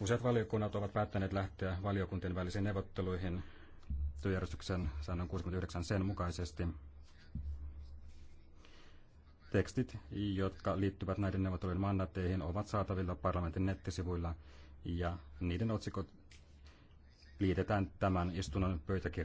Useat valiokunnat ovat päättäneet lähteä valiokuntien välisiin neuvotteluihin työjärjestyksen säännön 69 sen mukaisesti. Tekstit, jotka liittyvät näiden neuvottelujen mandateihin, ovat saatavilla parlamentin nettisivuilla ja niiden otsikot liitetään tämän istunnon pöytäkirjaan.